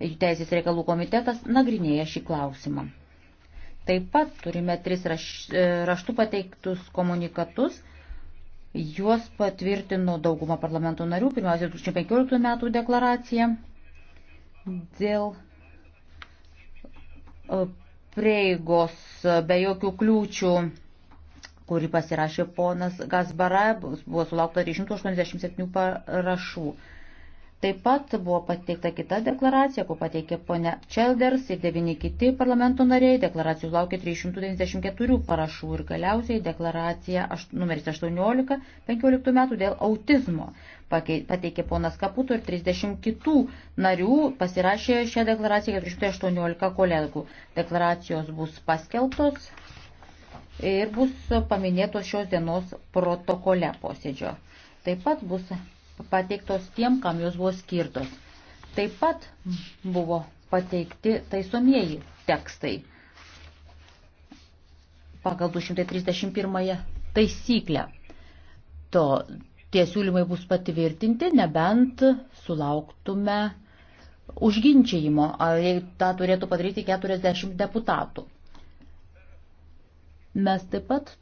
Teisės reikalų komitetas nagrinėja šį klausimą. Taip pat turime tris raš, e, raštų pateiktus komunikatus. Juos patvirtino dauguma parlamento narių, pirmiausia 2015 metų deklaracija dėl e, prieigos be jokių kliūčių, kuri pasirašė ponas Gazbara, buvo sulaukta 387 parašų. Taip pat buvo pateikta kita deklaracija, kur pateikė ponia Čelders ir devini kiti parlamento nariai. Deklaracijų laukė 394 parašų ir galiausiai deklaracija numeris 18 15 metų dėl autizmo. Pateikė ponas Kaputo ir 30 kitų narių pasirašė šią deklaraciją 418 kolegų. Deklaracijos bus paskeltos ir bus paminėtos šios dienos protokole posėdžio. Taip pat bus pateiktos tiem, kam jos buvo skirtos. Taip pat buvo pateikti taisomieji tekstai pagal 231 taisyklę. To tie siūlymai bus patvirtinti, nebent sulauktume užginčiajimo, ar tą turėtų padaryti 40 deputatų. Mes taip pat